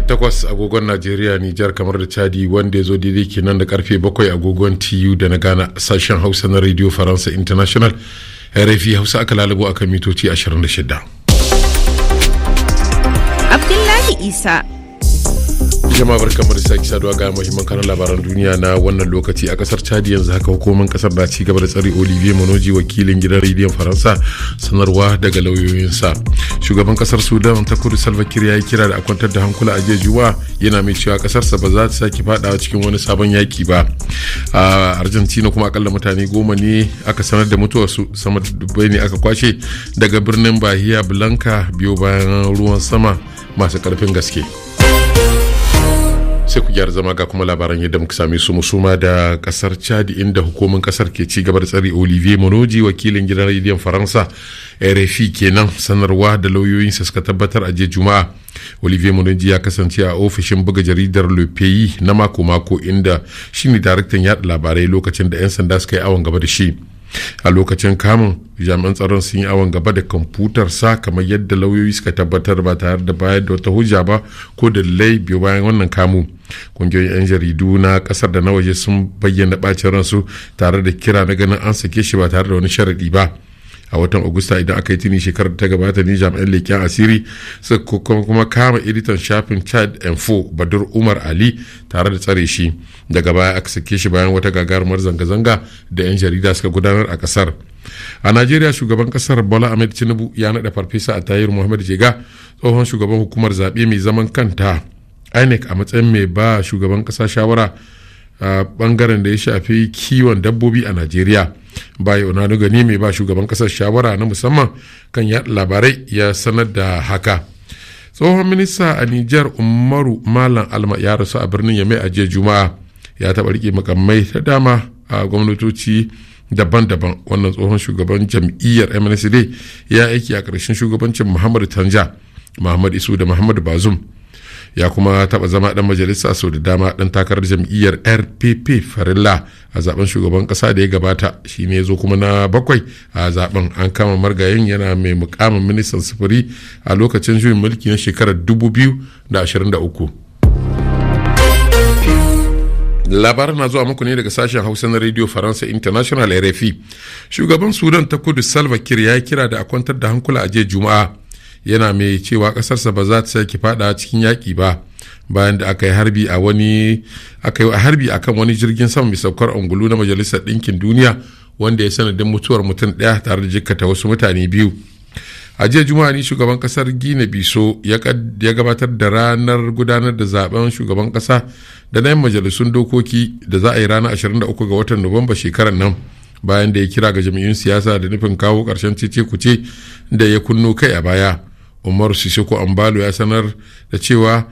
karfe 8 agogon najeriya nijar kamar da chadi wanda ya zo daidai kenan da karfe 7 agogon tu da na gana sashen hausa na radio faransa international rfi hausa aka lalabo akan mitoci 26 abdullahi isa jama'a barkamu da sake saduwa ga muhimman kanan labaran duniya na wannan lokaci a kasar chadi yanzu haka hukumomin kasar na ci gaba da tsari olivier monoji wakilin gidan rediyon faransa sanarwa daga lauyoyinsa shugaban kasar sudan ta kudu salva kiir ya yi kira da akwantar da hankula a jiya juwa yana mai cewa kasarsa ba za ta sake fadawa cikin wani sabon yaki ba a argentina kuma akalla mutane goma ne aka sanar da mutuwarsu sama da dubbai ne aka kwashe daga birnin bahia blanca biyo bayan ruwan sama masu karfin gaske. sai ku gyara zama ga kuma labaran yadda muka same su musuma da kasar chad inda hukumin kasar ke ci gaba da tsari olivier monoji wakilin gidan rediyon faransa rfi kenan sanarwa da sa suka tabbatar a jiya juma'a olivier monoji ya kasance a ofishin buga jaridar le na mako-mako inda shine daraktan yada labarai lokacin da 'yan sanda suka yi awon gaba da shi a lokacin kamun jami'an tsaron sun yi awon gaba da kwamfutar sa kamar yadda lauyoyi suka tabbatar ba tare da bayar da wata hujja ba ko da lai biyu bayan wannan kamu kungiyoyin 'yan jaridu na kasar da na waje sun bayyana bacin ransu tare da kira na ganin an sake shi ba tare da wani sharaɗi ba a watan agusta idan aka yi tuni shekarar ta gabata ne jami'an leƙen asiri suka kuma kama editan shafin chad info badur umar ali tare da tsare shi daga baya aka sake shi bayan wata gagarumar zanga-zanga da 'yan jarida suka gudanar a kasar a najeriya shugaban kasar bola ahmed tinubu ya naɗa farfesa a tayir muhammad jega tsohon shugaban hukumar zaɓe mai zaman kanta inec a matsayin mai ba shugaban ƙasa shawara a bangaren da ya shafi kiwon dabbobi a najeriya bayi onanu gani mai ba shugaban kasar shawara na musamman kan yaɗa labarai ya sanar da haka tsohon minista a nijar umaru malam alma ya rasu a birnin yamai a jiya juma'a ya taɓa rike makamai ta dama a gwamnatoci daban-daban wannan tsohon shugaban jam'iyyar mnsd ya aiki a ƙarshen shugabancin muhammadu tanja muhammad isu da Muhammadu bazum ya kuma taɓa zama ɗan majalisa sau da dama ɗan takarar jam'iyyar rpp farilla a zaben shugaban ƙasa da ya gabata shine ya zo kuma na bakwai a zaben an kama margayin yana mai mukamin ministan sufuri a lokacin juyin mulki na shekarar 2023 labarin na zuwa muku ne daga sashen hausa na radio faransa international rfi shugaban sudan ta kudu salva kiir ya kira da a kwantar da hankula a jiya juma'a yana mai cewa kasarsa ba za ta sake fada cikin yaƙi ba bayan da aka yi harbi a wani aka yi harbi akan wani jirgin sama mai saukar ungulu na majalisar ɗinkin duniya wanda ya sanadin mutuwar mutum ɗaya tare da jikkata wasu mutane biyu a jiya juma'a ne shugaban kasar gina biso ya gabatar da ranar gudanar da zaben shugaban kasa da na majalisun dokoki da za a yi rana 23 ga watan nuwamba shekarar nan bayan da ya kira ga jam'iyyun siyasa da nufin kawo ƙarshen cece kuce da ya kunno kai a baya umar sisoko ambalo ya sanar da cewa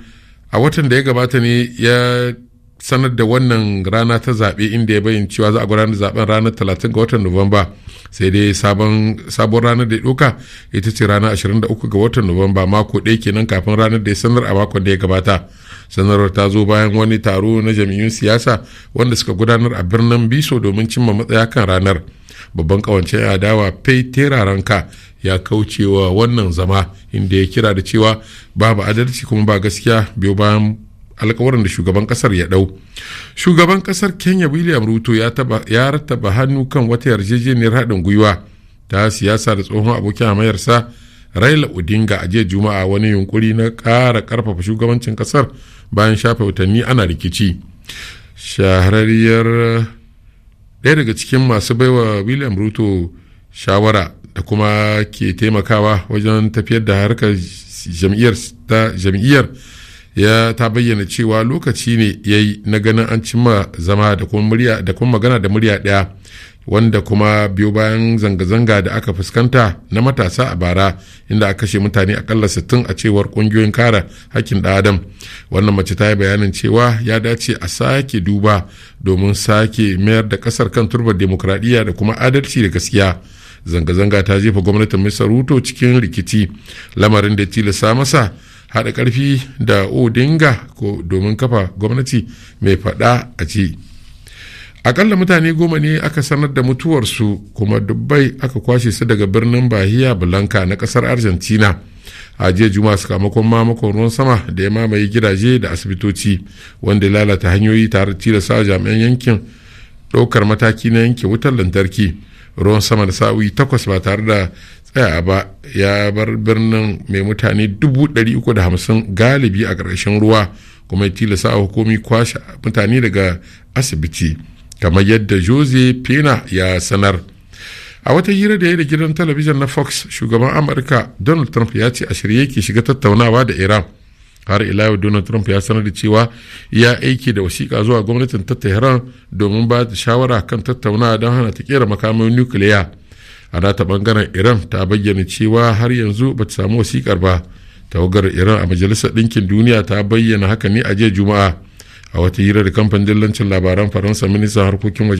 a watan da ya gabata ne ya sanar da wannan rana ta zaɓe inda ya bayyana cewa za a gudanar zaben ranar 30 ga watan nuwamba sai dai sabon ranar da ya ɗauka ita ce ranar 23 ga watan nuwamba mako ɗaya kenan kafin ranar da ya sanar a makon da ya gabata sanarwar ta zo bayan wani taro na jam'iyyun siyasa wanda suka gudanar a birnin biso domin cimma matsaya kan ranar babban kawancen adawa pei ranka ya kaucewa wannan zama inda ya kira da cewa babu adalci kuma ba gaskiya biyu bayan alkawarin da shugaban kasar ya dau shugaban kasar kenya william ruto ya rattaba hannu kan wata yarjejeniyar haɗin gwiwa ta siyasa da tsohon abokin amayarsa. raila odinga a jiya juma'a wani yunkuri na ƙara ƙarfafa shugabancin ƙasar bayan shafe watanni ana rikici shahararriyar ɗaya daga cikin masu baiwa william ruto shawara da kuma ke taimakawa wajen tafiyar da harkar jam'iyyar ta jam'iyyar ya ta bayyana cewa lokaci ne ya yi na ganin an cimma zama da kuma magana da murya ɗaya wanda kuma biyo bayan zanga-zanga da aka fuskanta na matasa a bara inda aka kashe mutane akalla 60 a cewar kungiyoyin kara hakkin da adam wannan mace ta yi bayanin cewa ya dace a sake duba domin sake mayar da kasar kan turbar demokradiyya da kuma adalci da gaskiya zanga-zanga ta jefa gwamnatin misar ruto cikin rikici lamarin da tilasa masa haɗa ƙarfi da odinga domin kafa gwamnati mai faɗa a ce akalla mutane goma ne aka sanar da mutuwarsu kuma dubbai aka kwashe su daga birnin bahia blanca na kasar argentina a jiya juma'a sakamakon mamakon ruwan sama da ya mamaye gidaje da asibitoci wanda ya lalata hanyoyi tare da sa jami'an yankin ɗaukar mataki na yanke wutar lantarki ruwan sama da sa'o'i takwas ba tare da tsaya ba ya bar birnin mai mutane hamsin galibi a ƙarshen ruwa kuma ya tilasa hukumi kwashe mutane daga asibiti kamar yadda jose pena ya sanar a wata hira da ya da gidan talabijin na fox shugaban amurka donald trump ya ce a shirye yake shiga tattaunawa da iran har ila yau donald trump ya sanar da cewa ya aiki da wasiƙa zuwa gwamnatin ta tehran domin ba da shawara kan tattaunawa don hana ta kera makamai nukiliya a nata bangaren iran ta bayyana cewa har yanzu ba ta samu wasiƙar ba tawagar iran a majalisar ɗinkin duniya ta bayyana haka ne a jiya juma'a a wata hira da kamfanin dillancin labaran faransa ministan harkokin waje